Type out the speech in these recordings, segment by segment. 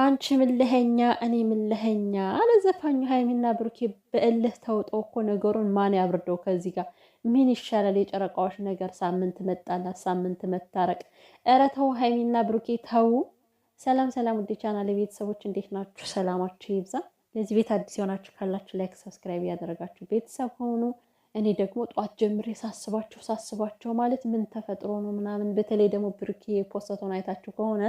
አንቺ ምልህኛ እኔ አለ አለዘፋኙ ሀይሚና ብሩኬ በእልህ ተውጠው እኮ ነገሩን ማን ያብርደው? ከዚህ ጋር ምን ይሻላል? የጨረቃዎች ነገር ሳምንት መጣላት፣ ሳምንት መታረቅ። ኧረ ተው ሀይሚና ብሩኬ ተው። ሰላም ሰላም፣ ውዴ ቻናል ቤተሰቦች እንዴት ናችሁ? ሰላማችሁ ይብዛ። ለዚህ ቤት አዲስ የሆናችሁ ካላችሁ ላይክ፣ ሰብስክራይብ እያደረጋችሁ ቤተሰብ ሆኑ። እኔ ደግሞ ጠዋት ጀምሬ ሳስባቸው ሳስባቸው ማለት ምን ተፈጥሮ ነው ምናምን። በተለይ ደግሞ ብሩኬ የፖስተውን አይታችሁ ከሆነ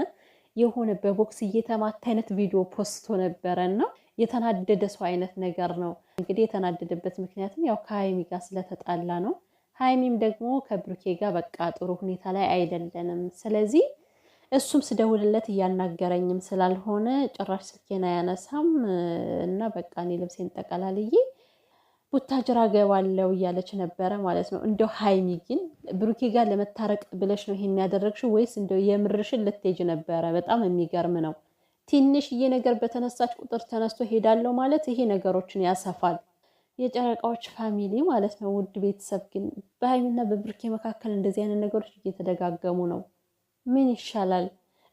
የሆነ በቦክስ እየተማታ አይነት ቪዲዮ ፖስቶ ነበረ እና የተናደደ ሰው አይነት ነገር ነው። እንግዲህ የተናደደበት ምክንያትም ያው ከሀይሚ ጋር ስለተጣላ ነው። ሀይሚም ደግሞ ከብሩኬ ጋር በቃ ጥሩ ሁኔታ ላይ አይደለንም። ስለዚህ እሱም ስደውልለት እያናገረኝም ስላልሆነ ጭራሽ ስልኬን አያነሳም እና በቃ እኔ ልብሴን ጠቀላልዬ ቡታጅራ ገባለው እያለች ነበረ ማለት ነው። እንደው ሀይሚ ግን ብሩኬ ጋር ለመታረቅ ብለሽ ነው ይሄን ያደረግሽው ወይስ እንደው የምርሽን ልትሄጅ ነበረ? በጣም የሚገርም ነው። ትንሽዬ ነገር በተነሳች ቁጥር ተነስቶ ሄዳለው ማለት ይሄ ነገሮችን ያሰፋል። የጨረቃዎች ፋሚሊ ማለት ነው። ውድ ቤተሰብ ግን በሀይሚና በብሩኬ መካከል እንደዚህ አይነት ነገሮች እየተደጋገሙ ነው። ምን ይሻላል?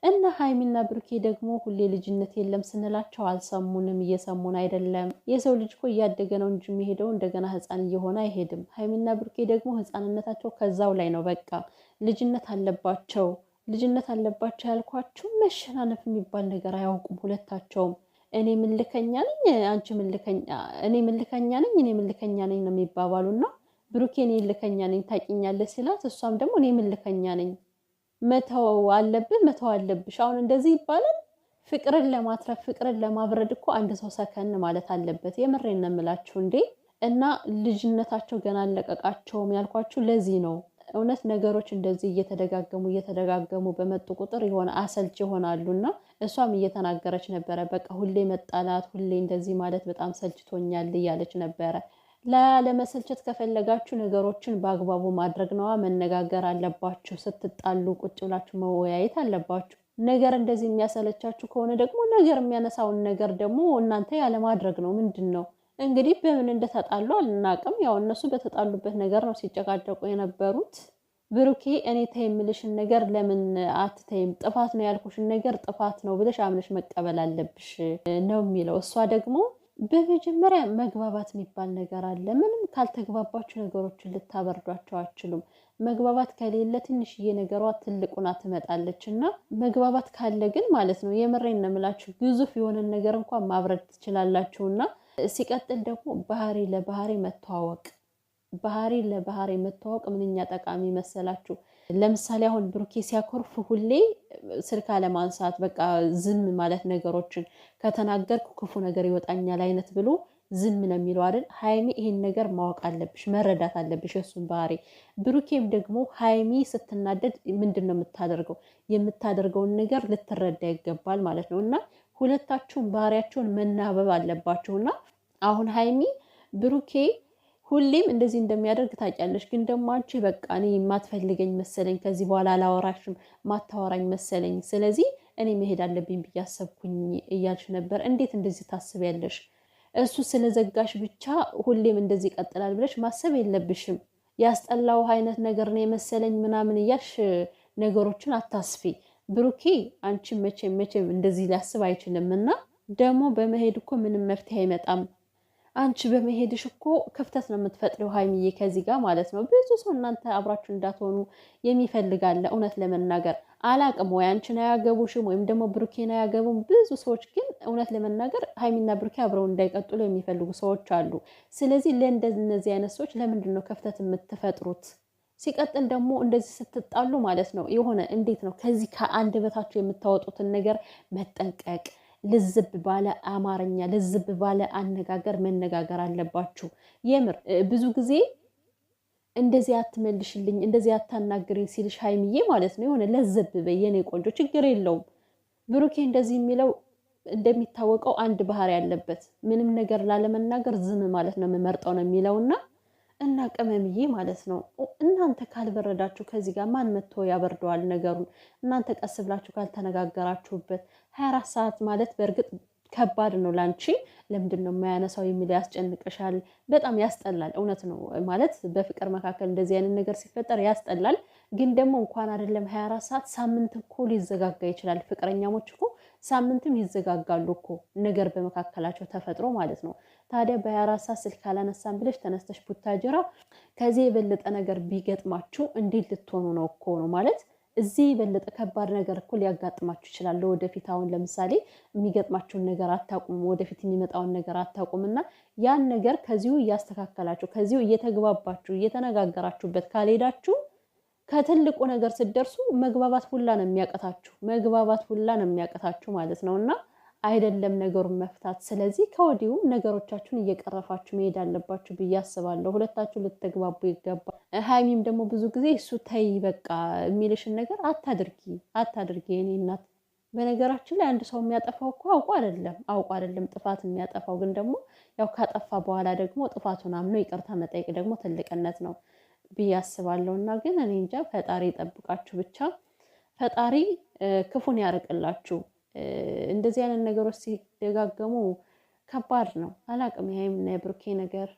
እና ሀይሚና ብሩኬ ደግሞ ሁሌ ልጅነት የለም ስንላቸው አልሰሙንም፣ እየሰሙን አይደለም። የሰው ልጅ እኮ እያደገ ነው እንጂ የሚሄደው እንደገና ህፃን እየሆነ አይሄድም። ሀይሚና ብሩኬ ደግሞ ህፃንነታቸው ከዛው ላይ ነው። በቃ ልጅነት አለባቸው። ልጅነት አለባቸው ያልኳችሁ መሸናነፍ የሚባል ነገር አያውቁም ሁለታቸውም። እኔ ምልከኛ ነኝ፣ አንቺ ምልከኛ፣ እኔ ምልከኛ ነኝ፣ እኔ ምልከኛ ነኝ ነው የሚባባሉና ብሩኬ እኔ ልከኛ ነኝ ታውቂኛለሽ ሲላት፣ እሷም ደግሞ እኔ ምልከኛ ነኝ መተው አለብህ መተው አለብሽ። አሁን እንደዚህ ይባላል። ፍቅርን ለማትረፍ ፍቅርን ለማብረድ እኮ አንድ ሰው ሰከን ማለት አለበት። የምሬ ነው እንዴ! እና ልጅነታቸው ገና አለቀቃቸውም ያልኳችሁ ለዚህ ነው። እውነት ነገሮች እንደዚህ እየተደጋገሙ እየተደጋገሙ በመጡ ቁጥር የሆነ አሰልች ይሆናሉ። እና እሷም እየተናገረች ነበረ። በቃ ሁሌ መጣላት፣ ሁሌ እንደዚህ ማለት በጣም ሰልችቶኛል እያለች ነበረ። ላለመሰልቸት ከፈለጋችሁ ነገሮችን በአግባቡ ማድረግ ነዋ። መነጋገር አለባችሁ። ስትጣሉ ቁጭ ብላችሁ መወያየት አለባችሁ። ነገር እንደዚህ የሚያሰለቻችሁ ከሆነ ደግሞ ነገር የሚያነሳውን ነገር ደግሞ እናንተ ያለማድረግ ነው። ምንድን ነው እንግዲህ በምን እንደተጣሉ አልናቅም። ያው እነሱ በተጣሉበት ነገር ነው ሲጨቃጨቁ የነበሩት። ብሩኬ እኔ ተይምልሽን ነገር ለምን አትተይም? ጥፋት ነው ያልኩሽን ነገር ጥፋት ነው ብለሽ አምነሽ መቀበል አለብሽ ነው የሚለው እሷ ደግሞ በመጀመሪያ መግባባት የሚባል ነገር አለ። ምንም ካልተግባባችሁ ነገሮችን ልታበርዷቸው አችሉም። መግባባት ከሌለ ትንሽዬ ነገሯ ትልቁና ትመጣለች እና መግባባት ካለ ግን ማለት ነው የምሬን ነው ግዙፍ የሆነን ነገር እንኳን ማብረድ ትችላላችሁ። እና ሲቀጥል ደግሞ ባህሪ ለባህሪ መተዋወቅ ባህሪ ለባህሪ መተዋወቅ ምንኛ ጠቃሚ መሰላችሁ? ለምሳሌ አሁን ብሩኬ ሲያኮርፍ ሁሌ ስልክ አለማንሳት፣ በቃ ዝም ማለት ነገሮችን ከተናገርኩ ክፉ ነገር ይወጣኛል አይነት ብሎ ዝም ነው የሚለው አይደል? ሀይሚ ይሄን ነገር ማወቅ አለብሽ፣ መረዳት አለብሽ የእሱን ባህሪ። ብሩኬም ደግሞ ሀይሚ ስትናደድ ምንድን ነው የምታደርገው? የምታደርገውን ነገር ልትረዳ ይገባል ማለት ነው። እና ሁለታችሁን ባህሪያቸውን መናበብ አለባችሁና አሁን ሀይሚ ብሩኬ ሁሌም እንደዚህ እንደሚያደርግ ታውቂያለሽ። ግን ደግሞ አንቺ በቃ እኔ የማትፈልገኝ መሰለኝ፣ ከዚህ በኋላ አላወራሽም፣ ማታወራኝ መሰለኝ፣ ስለዚህ እኔ መሄድ አለብኝ ብዬ አሰብኩኝ እያልሽ ነበር። እንዴት እንደዚህ ታስቢያለሽ? እሱ ስለዘጋሽ ብቻ ሁሌም እንደዚህ ይቀጥላል ብለሽ ማሰብ የለብሽም። ያስጠላው አይነት ነገር ነው የመሰለኝ ምናምን እያልሽ ነገሮችን አታስፊ። ብሩኬ አንቺ መቼም መቼም እንደዚህ ሊያስብ አይችልም እና ደግሞ በመሄድ እኮ ምንም መፍትሄ አይመጣም። አንቺ በመሄድሽ እኮ ክፍተት ነው የምትፈጥሪው ሀይሚዬ፣ ከዚህ ጋር ማለት ነው። ብዙ ሰው እናንተ አብራችሁ እንዳትሆኑ የሚፈልጋለ። እውነት ለመናገር አላቅም ወይ አንቺን አያገቡሽም ወይም ደግሞ ብሩኬን አያገቡም። ብዙ ሰዎች ግን እውነት ለመናገር ሀይሚና ብሩኬ አብረው እንዳይቀጥሉ የሚፈልጉ ሰዎች አሉ። ስለዚህ ለእንደነዚህ አይነት ሰዎች ለምንድን ነው ክፍተት የምትፈጥሩት? ሲቀጥል ደግሞ እንደዚህ ስትጣሉ ማለት ነው የሆነ እንዴት ነው ከዚህ ከአንድ በታችሁ የምታወጡትን ነገር መጠንቀቅ ልዝብ ባለ አማርኛ ልዝብ ባለ አነጋገር መነጋገር አለባችሁ። የምር ብዙ ጊዜ እንደዚህ አትመልሽልኝ፣ እንደዚህ አታናግሪኝ ሲልሽ ሀይሚዬ ማለት ነው የሆነ ለዝብ በይ የኔ ቆንጆ፣ ችግር የለውም። ብሩኬ እንደዚህ የሚለው እንደሚታወቀው አንድ ባህሪ ያለበት ምንም ነገር ላለመናገር ዝም ማለት ነው የምመርጠው ነው የሚለውና እና ቅመምዬ ማለት ነው። እናንተ ካልበረዳችሁ ከዚህ ጋር ማን መጥቶ ያበርደዋል ነገሩን? እናንተ ቀስ ብላችሁ ካልተነጋገራችሁበት ሀያ አራት ሰዓት ማለት በእርግጥ ከባድ ነው ላንቺ። ለምንድን ነው የማያነሳው የሚለው ያስጨንቅሻል። በጣም ያስጠላል። እውነት ነው ማለት በፍቅር መካከል እንደዚህ አይነት ነገር ሲፈጠር ያስጠላል። ግን ደግሞ እንኳን አይደለም ሀያ አራት ሰዓት ሳምንት እኮ ሊዘጋጋ ይችላል። ፍቅረኛሞች እኮ ሳምንትም ይዘጋጋሉ እኮ ነገር በመካከላቸው ተፈጥሮ ማለት ነው። ታዲያ በ24 ስልክ አላነሳም ብለሽ ተነስተሽ ቡታጅራ ከዚህ የበለጠ ነገር ቢገጥማችሁ እንዴት ልትሆኑ ነው እኮ ነው ማለት እዚህ የበለጠ ከባድ ነገር እኮ ሊያጋጥማችሁ ይችላል። ለወደፊት አሁን ለምሳሌ የሚገጥማችሁን ነገር አታቁም ወደፊት የሚመጣውን ነገር አታቁም እና ያን ነገር ከዚሁ እያስተካከላችሁ ከዚሁ እየተግባባችሁ እየተነጋገራችሁበት ካልሄዳችሁ ከትልቁ ነገር ስትደርሱ መግባባት ሁላ ነው የሚያቀታችሁ፣ መግባባት ሁላ ነው የሚያቀታችሁ ማለት ነው እና አይደለም ነገሩን መፍታት። ስለዚህ ከወዲሁ ነገሮቻችሁን እየቀረፋችሁ መሄድ አለባችሁ ብዬ አስባለሁ። ሁለታችሁ ልትግባቡ ይገባል። ሀይሚም ደግሞ ብዙ ጊዜ እሱ ተይ በቃ የሚልሽን ነገር አታድርጊ፣ አታድርጊ የኔ እናት። በነገራችን ላይ አንድ ሰው የሚያጠፋው እኮ አውቆ አይደለም አውቆ አይደለም ጥፋት የሚያጠፋው ግን ደግሞ ያው ካጠፋ በኋላ ደግሞ ጥፋቱን አምኖ ይቅርታ መጠየቅ ደግሞ ትልቅነት ነው። ብዬ አስባለሁ። እና ግን እኔ እንጃ ፈጣሪ ጠብቃችሁ ብቻ ፈጣሪ ክፉን ያርቅላችሁ። እንደዚህ አይነት ነገሮች ሲደጋገሙ ከባድ ነው። አላቅም የሀይሚና የብሩኬ ነገር